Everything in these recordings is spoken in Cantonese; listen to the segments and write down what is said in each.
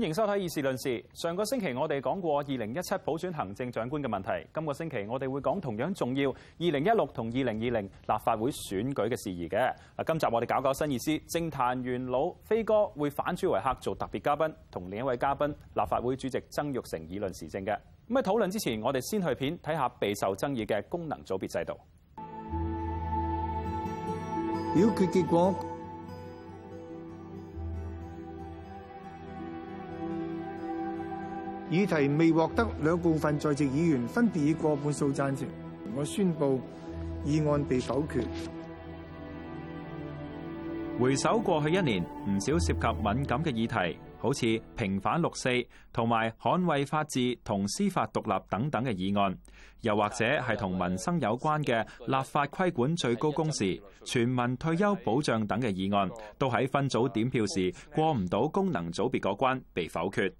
歡迎收睇《議事論事》。上個星期我哋講過二零一七普選行政長官嘅問題，今個星期我哋會講同樣重要二零一六同二零二零立法會選舉嘅事宜嘅。啊，今集我哋搞搞新意思，政壇元老飛哥會反主為客做特別嘉賓，同另一位嘉賓立法會主席曾鈺成議論時政嘅。咁喺討論之前，我哋先去片睇下備受爭議嘅功能組別制度表決結果。議題未獲得兩部分在席議員分別已過半數贊成，我宣布議案被否決。回首過去一年，唔少涉及敏感嘅議題，好似平反六四同埋捍衞法治同司法獨立等等嘅議案，又或者係同民生有關嘅立法規管最高工時、全民退休保障等嘅議案，都喺分組點票時過唔到功能組別嗰關，被否決。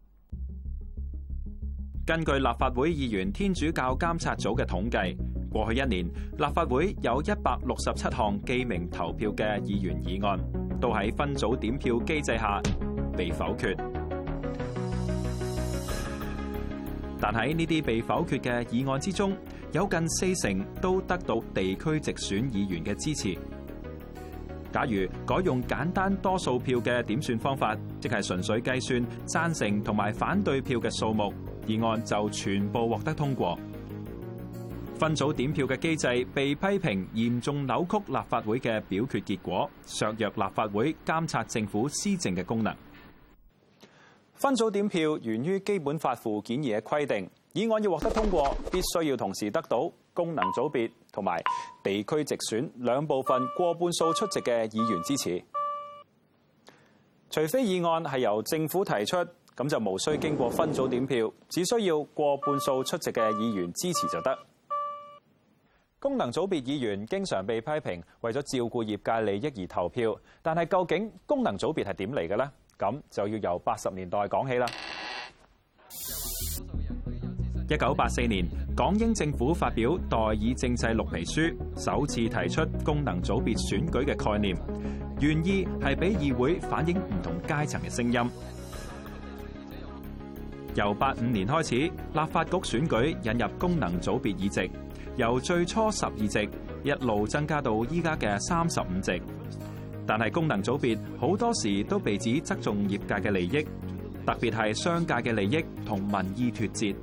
根據立法會議員天主教監察組嘅統計，過去一年立法會有一百六十七項記名投票嘅議員議案，都喺分組點票機制下被否決。但喺呢啲被否決嘅議案之中，有近四成都得到地區直選議員嘅支持。假如改用簡單多數票嘅點算方法，即係純粹計算贊成同埋反對票嘅數目。議案就全部獲得通過。分組點票嘅機制被批評嚴重扭曲立法會嘅表決結果，削弱立法會監察政府施政嘅功能。分組點票源於基本法附件二嘅規定，議案要獲得通過，必須要同時得到功能組別同埋地區直選兩部分過半數出席嘅議員支持，除非議案係由政府提出。咁就無需經過分組點票，只需要過半數出席嘅議員支持就得。功能組別議員經常被批評為咗照顧業界利益而投票，但係究竟功能組別係點嚟嘅呢？咁就要由八十年代講起啦。一九八四年，港英政府發表《代議政制綠皮書》，首次提出功能組別選舉嘅概念，原意係俾議會反映唔同階層嘅聲音。由八五年開始，立法局選舉引入功能組別議席，由最初十二席一路增加到依家嘅三十五席。但係功能組別好多時都被指側重業界嘅利益，特別係商界嘅利益同民意脫節。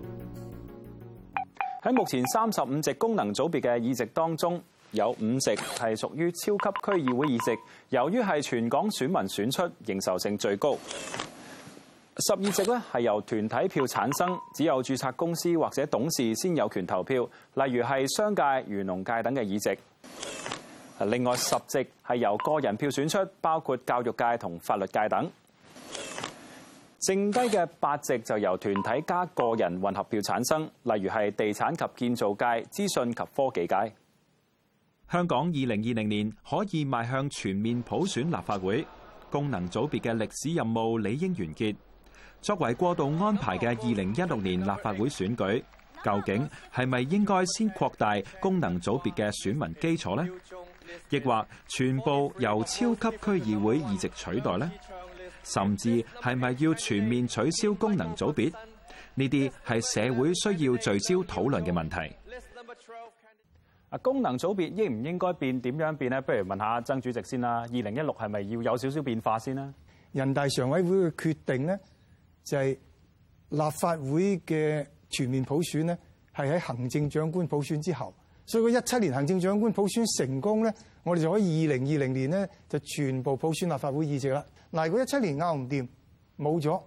喺目前三十五席功能組別嘅議席當中，有五席係屬於超級區議會議席，由於係全港選民選出，認受性最高。十二席咧，係由團體票產生，只有註冊公司或者董事先有權投票，例如係商界、漁農界等嘅議席。另外十席係由個人票選出，包括教育界同法律界等。剩低嘅八席就由團體加個人混合票產生，例如係地產及建造界、資訊及科技界。香港二零二零年可以邁向全面普選立法會，功能組別嘅歷史任務理應完結。作為過渡安排嘅二零一六年立法會選舉，究竟係咪應該先擴大功能組別嘅選民基礎呢？亦或全部由超級區議會議席取代呢？甚至係咪要全面取消功能組別？呢啲係社會需要聚焦討論嘅問題。功能組別應唔應該變？點樣變呢？不如問下曾主席先啦。二零一六係咪要有少少變化先啦？人大常委會嘅決定呢，就係立法會嘅全面普選咧，係喺行政長官普選之後，所以佢一七年行政長官普選成功咧，我哋就可以二零二零年咧就全部普選立法會議席啦。嗱，如果一七年拗唔掂，冇咗，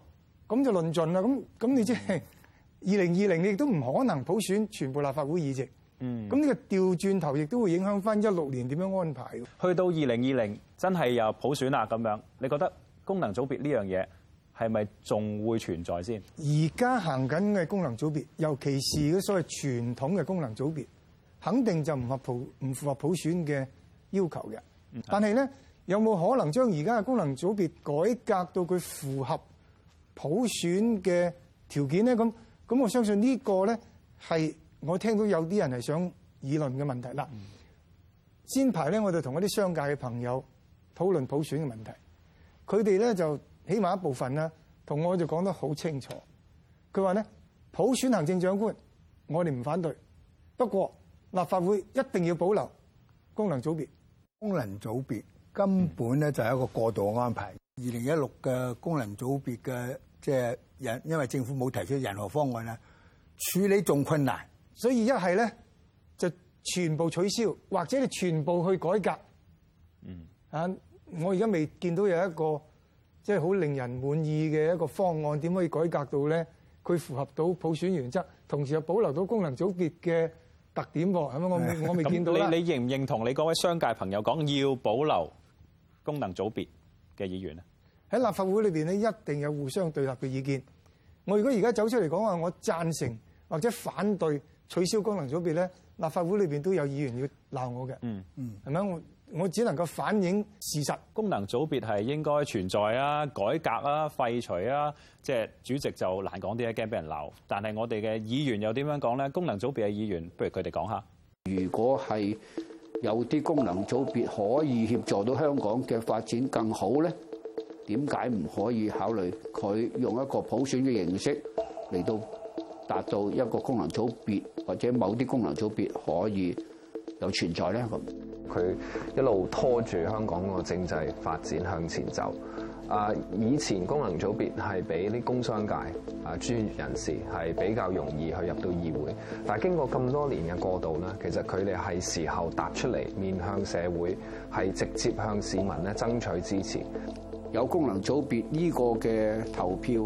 咁就論盡啦。咁咁你即係二零二零，你亦都唔可能普選全部立法會議席。嗯，咁呢個調轉頭亦都會影響翻一六年點樣安排。去到二零二零真係又普選啦咁樣，你覺得功能組別呢樣嘢？係咪仲會存在先？而家行緊嘅功能組別，尤其是嗰所謂傳統嘅功能組別，肯定就唔合普唔符合普選嘅要求嘅。但係咧，有冇可能將而家嘅功能組別改革到佢符合普選嘅條件咧？咁咁，我相信呢個咧係我聽到有啲人係想議論嘅問題啦。先排咧，我就同一啲商界嘅朋友討論普選嘅問題，佢哋咧就。起碼一部分啦，同我就講得好清楚。佢話咧，普選行政長官，我哋唔反對。不過立法會一定要保留功能組別。功能組別根本咧就係一個過渡嘅安排。二零一六嘅功能組別嘅即係因因為政府冇提出任何方案啦，處理仲困難。所以一係咧就全部取消，或者你全部去改革。嗯啊，我而家未見到有一個。即係好令人滿意嘅一個方案，點可以改革到咧？佢符合到普選原則，同時又保留到功能組別嘅特點喎。係咪 我我未見到 咁你你認唔認同你嗰位商界朋友講要保留功能組別嘅議員咧？喺立法會裏邊咧一定有互相對立嘅意見。我如果而家走出嚟講話我贊成或者反對取消功能組別咧，立法會裏邊都有議員要鬧我嘅。嗯嗯，係咪我？我只能夠反映事實。功能組別係應該存在啊、改革啊、廢除啊，即係主席就難講啲驚俾人鬧，但係我哋嘅議員又點樣講咧？功能組別嘅議員不如佢哋講下。如果係有啲功能組別可以協助到香港嘅發展更好咧，點解唔可以考慮佢用一個普選嘅形式嚟,到達到一個功能組別或者某啲功能組別可以有存在咧？佢一路拖住香港個政制發展向前走。啊，以前功能組別係俾啲工商界啊專業人士係比較容易去入到議會，但係經過咁多年嘅過渡咧，其實，佢哋係時候踏出嚟面向社會，係直接向市民咧爭取支持。有功能組別呢個嘅投票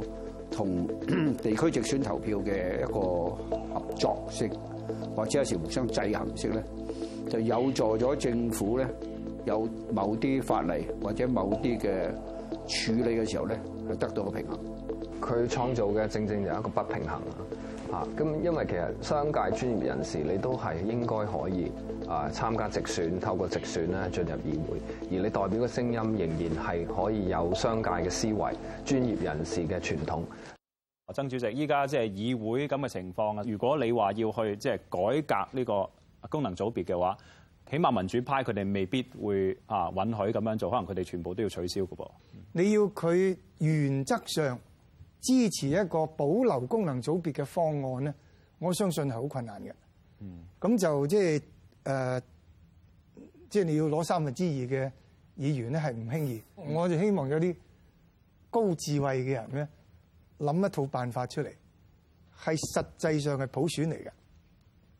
同地區直選投票嘅一個合作式，或者有時互相制衡式咧。就有助咗政府咧，有某啲法例或者某啲嘅處理嘅時候咧，佢得到個平衡。佢創造嘅正正就係一個不平衡啊！咁因為其實商界專業人士你都係應該可以啊參加直選，透過直選咧進入議會，而你代表嘅聲音仍然係可以有商界嘅思維，專業人士嘅傳統啊，曾主席，依家即係議會咁嘅情況啊！如果你話要去即係改革呢、這個。功能組別嘅話，起碼民主派佢哋未必會啊允許咁樣做，可能佢哋全部都要取消嘅噃。你要佢原則上支持一個保留功能組別嘅方案咧，我相信係好困難嘅。咁、嗯、就即係誒，即係你要攞三分之二嘅議員咧，係唔輕易。我就希望有啲高智慧嘅人咧，諗一套辦法出嚟，係實際上係普選嚟嘅，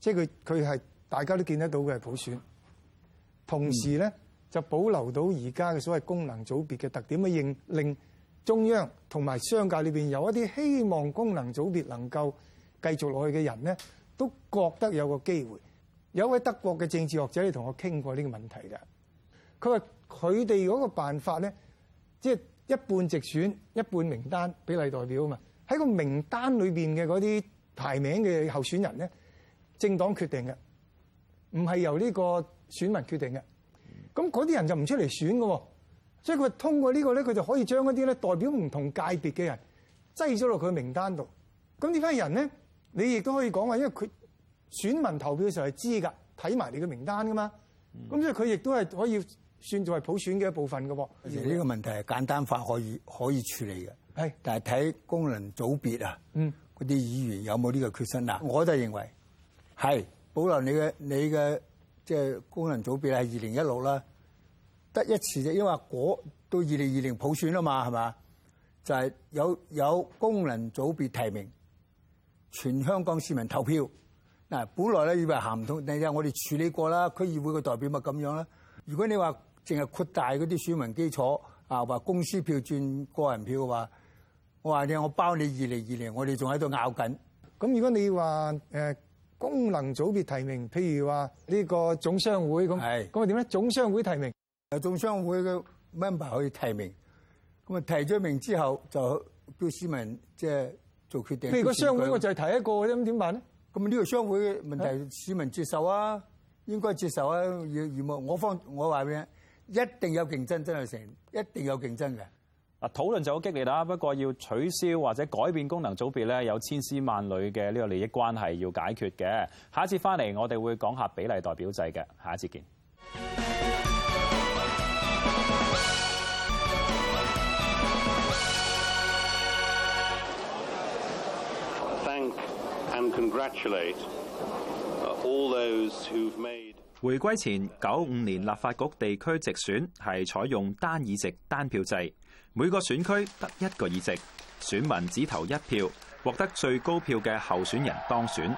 即係佢佢係。大家都見得到嘅係普選，同時咧就保留到而家嘅所謂功能組別嘅特點，去認令中央同埋商界裏邊有一啲希望功能組別能夠繼續落去嘅人咧，都覺得有個機會。有一位德國嘅政治學者你同我傾過呢個問題嘅，佢話佢哋嗰個辦法咧，即係一半直選，一半名單比例代表啊嘛。喺個名單裏邊嘅嗰啲排名嘅候選人咧，政黨決定嘅。唔係由呢個選民決定嘅，咁嗰啲人就唔出嚟選嘅，所以佢通過呢、這個咧，佢就可以將嗰啲咧代表唔同界別嘅人擠咗落佢嘅名單度。咁呢解人咧，你亦都可以講話，因為佢選民投票嘅時候係知㗎，睇埋你嘅名單㗎嘛。咁、嗯、所以佢亦都係可以算做係普選嘅一部分嘅。其實呢個問題係簡單法可以可以處理嘅，係，但係睇功能組別啊，嗰、嗯、啲議員有冇呢個決心啊？我就認為係。是保留你嘅你嘅即係功能組別係二零一六啦，得一次啫，因為嗰到二零二零普選啦嘛，係嘛？就係有有功能組別提名，全香港市民投票嗱。本來咧以為行唔通，但係我哋處理過啦，區議會嘅代表咪咁樣啦。如果你話淨係擴大嗰啲選民基礎啊，話公司票轉個人票嘅話，我話你我包你二零二零，我哋仲喺度拗緊。咁如果你話誒？呃功能組別提名，譬如話呢個總商會咁，咁咪點咧？總商會提名，由總商會嘅 member 可以提名，咁咪提咗名之後就叫市民即係做決定。譬如個商會我就係提一個啫，咁點辦咧？咁呢個商會問題，市民接受啊，應該接受啊。要預預，我方我話畀你，一定有競爭真係成，一定有競爭嘅。嗱，討論就好激烈啦。不過要取消或者改變功能組別咧，有千絲萬縷嘅呢個利益關係要解決嘅。下一次翻嚟，我哋會講下比例代表制嘅。下一次見。回歸前，九五年立法局地區直選係採用單議席單票制，每個選區得一個議席，選民只投一票，獲得最高票嘅候選人當選。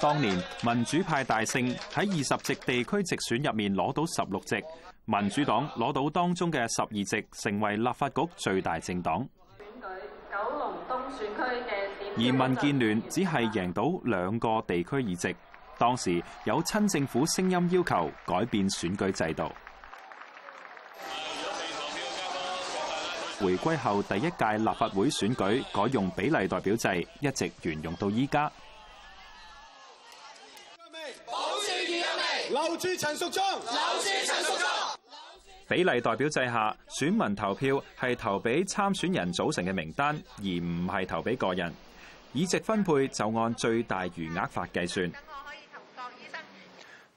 當年民主派大勝，喺二十席地區直選入面攞到十六席，民主黨攞到當中嘅十二席，成為立法局最大政黨。選舉九龍東選區嘅。而民建聯只係贏到兩個地區議席。當時有親政府聲音要求改變選舉制度。回歸後第一屆立法會選舉改用比例代表制，一直沿用到依家。留住陳淑莊。比例代表制下，選民投票係投俾參選人組成嘅名單，而唔係投俾個人。議席分配就按最大餘額法計算。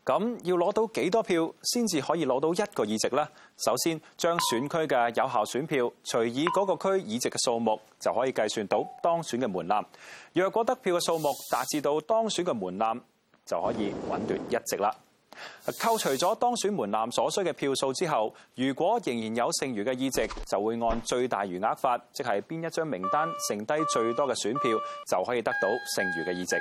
咁要攞到幾多票先至可以攞到，到一個議席呢？首先，將選區嘅有效選票除以嗰個區議席嘅數目，就可以計算到當選嘅門檻。若果得票嘅數目達至到當選嘅門檻，就可以穩奪一席啦。扣除咗當選門檻所需嘅票數之後，如果仍然有剩餘嘅議席，就會按最大餘額法，即係邊一張名單剩低最多嘅選票就可以得到剩餘嘅議席。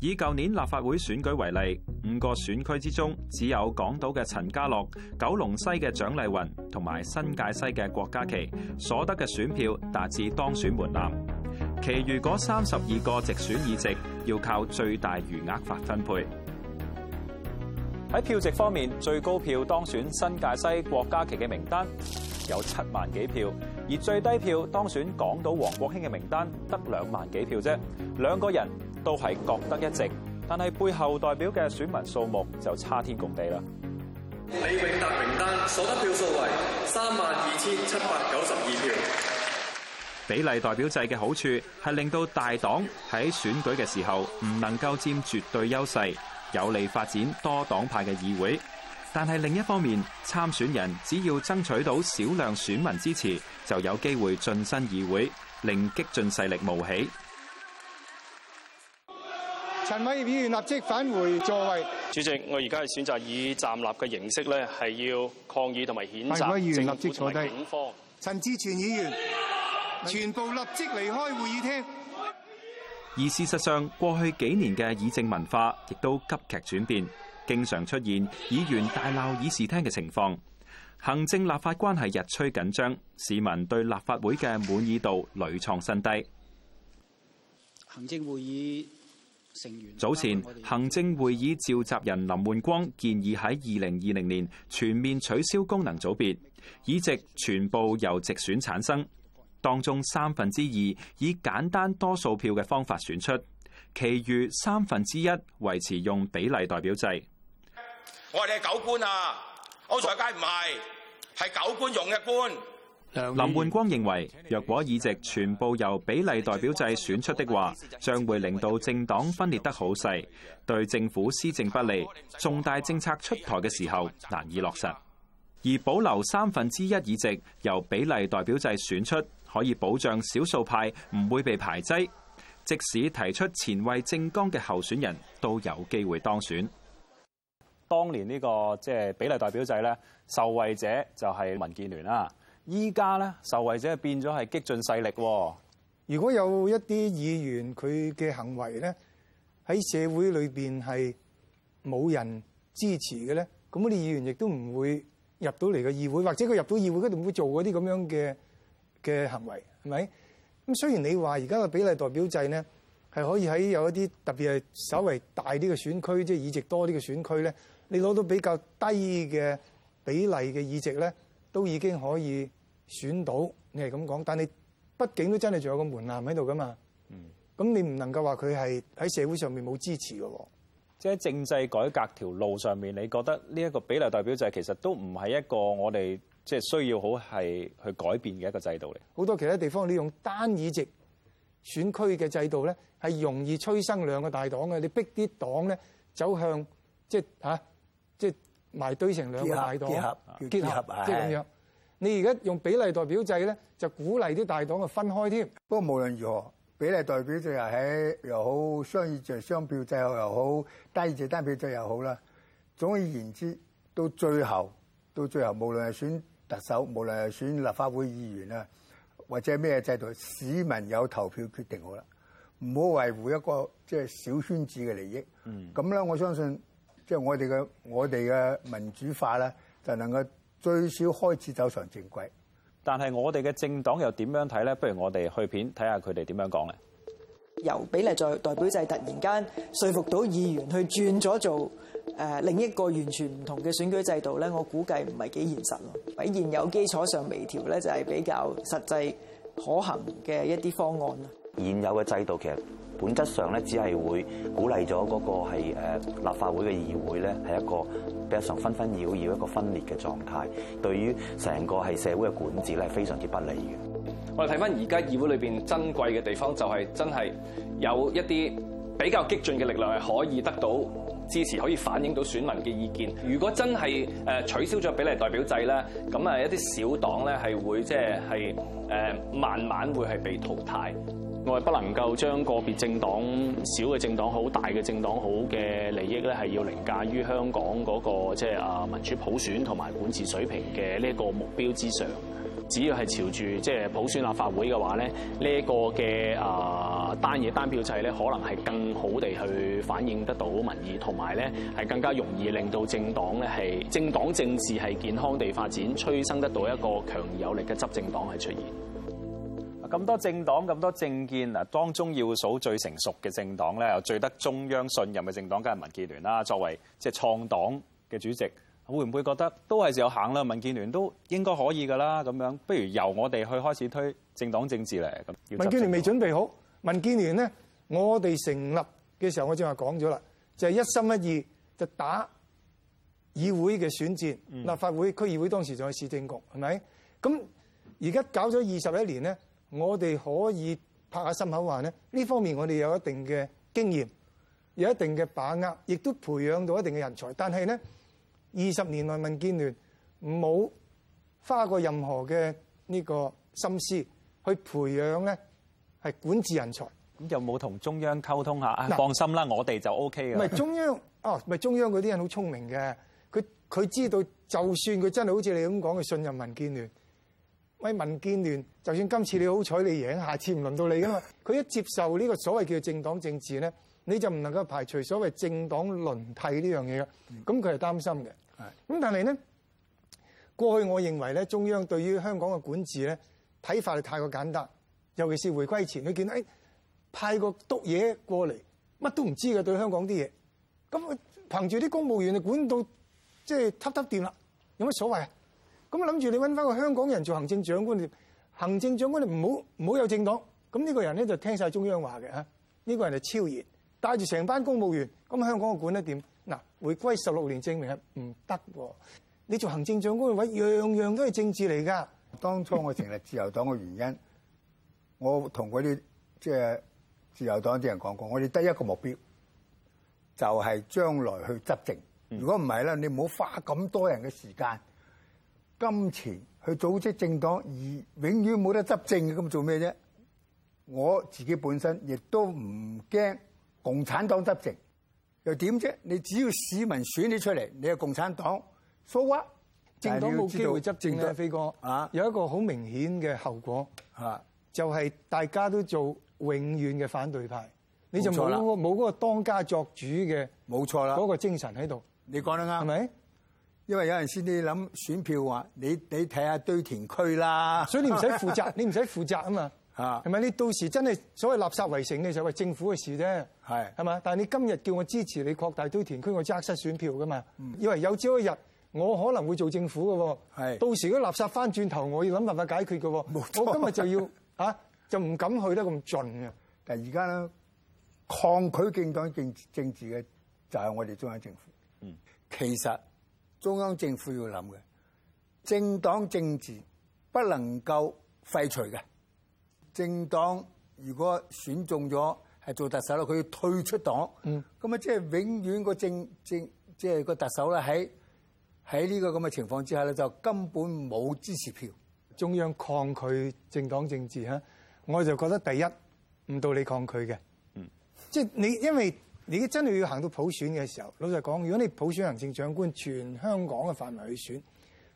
以舊年立法會選舉為例，五個選區之中，只有港島嘅陳家洛、九龍西嘅蔣麗芸同埋新界西嘅郭家麒所得嘅選票達至當選門檻，其餘嗰三十二個直選議席。要靠最大餘額法分配。喺票值方面，最高票當選新界西郭家麒嘅名單有七萬幾票，而最低票當選港島王國興嘅名單得兩萬幾票啫。兩個人都係各得一席，但係背後代表嘅選民數目就差天共地啦。李永達名單所得票數為三萬二千七百九十二票。比例代表制嘅好處，係令到大黨喺選舉嘅時候唔能夠佔絕對優勢，有利發展多黨派嘅議會。但係另一方面，參選人只要爭取到少量選民支持，就有機會晉身議會，令激進勢力冒起。陳偉業議員立即返回座位。主席，我而家係選擇以站立嘅形式呢，呢係要抗議同埋譴責。陳偉業議員立即坐低，警方，陳志全議員。全部立即離開會議廳。而事實上，過去幾年嘅議政文化亦都急劇轉變，經常出現議員大鬧議事廳嘅情況。行政立法關係日趨緊張，市民對立法會嘅滿意度屢創新低。行政會議成員早前，行政會議召集人林煥光建議喺二零二零年全面取消功能組別，議席全部由直選產生。當中三分之二以簡單多數票嘅方法選出，其餘三分之一維持用比例代表制。我哋係九官啊，歐蔡街唔係，係九官用嘅官。林煥光認為，若果議席全部由比例代表制選出的話，將會令到政黨分裂得好細，對政府施政不利，重大政策出台嘅時候難以落實。而保留三分之一議席由比例代表制選出。可以保障少數派唔會被排擠，即使提出前衞政綱嘅候選人都有機會當選。當年呢個即係比例代表制咧，受惠者就係民建聯啦。依家咧，受惠者變咗係激進勢力。如果有一啲議員佢嘅行為咧，喺社會裏邊係冇人支持嘅咧，咁啲議員亦都唔會入到嚟嘅議會，或者佢入到議會一定唔會做嗰啲咁樣嘅嘅行為係咪？咁雖然你話而家嘅比例代表制咧，係可以喺有一啲特別係稍為大啲嘅選區，即係議席多啲嘅選區咧，你攞到比較低嘅比例嘅議席咧，都已經可以選到。你係咁講，但你畢竟都真係仲有個門檻喺度噶嘛。嗯，咁你唔能夠話佢係喺社會上面冇支持嘅喎。即係政制改革條路上面，你覺得呢一個比例代表制其實都唔係一個我哋。即係需要好係去改變嘅一個制度嚟。好多其他地方你用單議席選區嘅制度咧，係容易催生兩個大黨嘅。你逼啲黨咧走向即係嚇，即係、啊、埋堆成兩個大黨結合。結合結合即係咁樣。你而家用比例代表制咧，就鼓勵啲大黨去分開添。不過無論如何，比例代表制又喺又好，雙議席雙票制又好，單議席單票制又好啦。總而言之，到最後，到最後，無論係選特首，無論係選立法會議員啊，或者咩制度，市民有投票決定好啦，唔好維護一個即係小圈子嘅利益。咁、嗯、咧，我相信即係、就是、我哋嘅我哋嘅民主化咧，就能夠最少開始走上正軌。但係我哋嘅政黨又點樣睇咧？不如我哋去片睇下佢哋點樣講咧。由比例在代表制突然間說服到議員去轉咗做。誒，另一個完全唔同嘅選舉制度咧，我估計唔係幾現實咯。喺現有基礎上微調咧，就係比較實際可行嘅一啲方案啦。現有嘅制度其實本質上咧，只係會鼓勵咗嗰個係誒立法會嘅議會咧，係一個比較上紛紛擾擾一個分裂嘅狀態，對於成個係社會嘅管治咧，係非常之不利嘅。我哋睇返而家議會裏邊珍貴嘅地方，就係真係有一啲。比較激進嘅力量係可以得到支持，可以反映到選民嘅意見。如果真係取消咗比例代表制咧，咁啊一啲小黨咧係會即係係誒慢慢會係被淘汰。我係不能夠將個別政黨小嘅政黨好大嘅政黨好嘅利益咧係要凌駕於香港嗰個即係啊民主普選同埋管治水平嘅呢個目標之上。只要係朝住即係普選立法會嘅話咧，呢一個嘅呃單嘢單票制咧，可能係更好地去反映得到民意，同埋咧係更加容易令到政黨咧係政黨政治係健康地發展，催生得到一個強有力嘅執政黨係出現。咁多政黨咁多政見嗱，當中要數最成熟嘅政黨咧，又最得中央信任嘅政黨，梗係民建聯啦。作為即係創黨嘅主席。會唔會覺得都係時候行啦？民建聯都應該可以噶啦，咁樣不如由我哋去開始推政黨政治咧。咁民建聯未準備好？民建聯咧，我哋成立嘅時候，我正話講咗啦，就係、一心一意就打議會嘅選戰、嗯，立法會、區議會當時就係市政局，係咪？咁而家搞咗二十一年咧，我哋可以拍下心口話咧。呢方面我哋有一定嘅經驗，有一定嘅把握，亦都培養到一定嘅人才，但係咧。二十年內民建聯冇花過任何嘅呢個心思去培養咧，係管治人才。咁有冇同中央溝通下？放心啦，我哋就 O K 嘅。唔係中央，哦、啊，唔係中央嗰啲人好聰明嘅，佢佢知道，就算佢真係好似你咁講，嘅信任民建聯。喂，民建聯，就算今次你好彩你贏，下次唔輪到你噶嘛。佢一接受呢個所謂叫政黨政治咧，你就唔能夠排除所謂政黨輪替呢樣嘢嘅。咁佢係擔心嘅。咁但係咧，過去我認為咧，中央對於香港嘅管治咧，睇法係太過簡單，尤其是回歸前，你見到誒、哎、派個督嘢過嚟，乜都唔知嘅，對香港啲嘢，咁、嗯、憑住啲公務員你管到即係執執掂啦，有乜所謂啊？咁諗住你搵翻個香港人做行政長官，行政長官你唔好唔好有政黨，咁、嗯、呢、這個人咧就聽晒中央話嘅，吓，呢個人係超然，帶住成班公務員，咁、嗯、香港嘅管得點？回歸十六年證明係唔得喎！你做行政長官嘅位樣樣都係政治嚟㗎。當初我成立自由黨嘅原因， 我同嗰啲即係自由黨啲人講過，我哋得一個目標，就係、是、將來去執政。如果唔係咧，你唔好花咁多人嘅時間、金錢去組織政黨，而永遠冇得執政，咁做咩啫？我自己本身亦都唔驚共產黨執政。又點啫？你只要市民選你出嚟，你係共產黨 so what？政黨冇機會執政啦，飛哥啊！有一個好明顯嘅後果，啊、就係、是、大家都做永遠嘅反對派，啊、你就冇冇嗰個當家作主嘅冇錯啦嗰個精神喺度。你講得啱係咪？因為有陣時你諗選票話，你你睇下堆填區啦，所以你唔使負責， 你唔使負責啊嘛。係、啊、咪？你到時真係所謂垃圾圍城嘅時候，政府嘅事啫係係嘛？但係你今日叫我支持你擴大堆填區，我即刻失選票㗎嘛、嗯？以為有朝一日我可能會做政府嘅喎、哦，到時個垃圾翻轉頭，我要諗辦法解決嘅喎、哦。我今日就要、啊、 就唔敢去得咁盡嘅。但係而家咧抗拒政黨政政治嘅就係我哋中央政府、嗯。其實中央政府要諗嘅政黨政治不能夠廢除嘅。政黨如果選中咗係做特首咯，佢要退出黨，咁啊即係永遠個政政即係、就是、個特首咧喺喺呢個咁嘅情況之下咧，就根本冇支持票。中央抗拒政黨政治，我就覺得第一唔到你抗拒嘅，即、嗯、係、就是、你因為你真係要行到普選嘅時候，老實講，如果你普選行政長官全香港嘅範圍去選，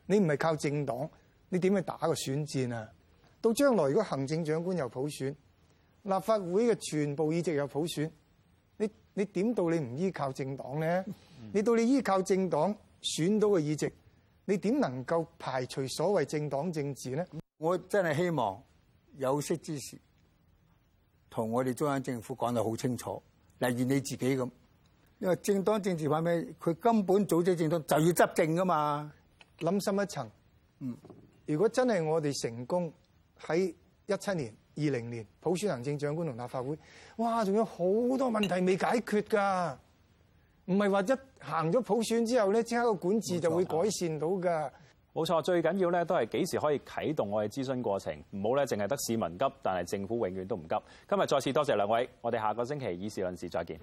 你唔係靠政黨，你點去打個選戰啊？到將來，如果行政長官有普選，立法會嘅全部議席有普選，你你點到你唔依靠政黨咧？你到你依靠政黨選到嘅議席，你點能夠排除所謂政黨政治咧？我真係希望有識之士同我哋中央政府講得好清楚，例如你自己咁，因為政黨政治話咩？佢根本組織政黨就要執政噶嘛。諗深一層，嗯，如果真係我哋成功。喺一七年、二零年普選行政長官同立法會，哇，仲有好多問題未解決㗎，唔係話一行咗普選之後咧，即刻個管治就會改善到㗎。冇錯，冇錯，最緊要咧都係幾時可以啟動我哋諮詢過程，唔好咧，淨係得市民急，但係政府永遠都唔急。今日再次多謝兩位，我哋下個星期議事論事再見。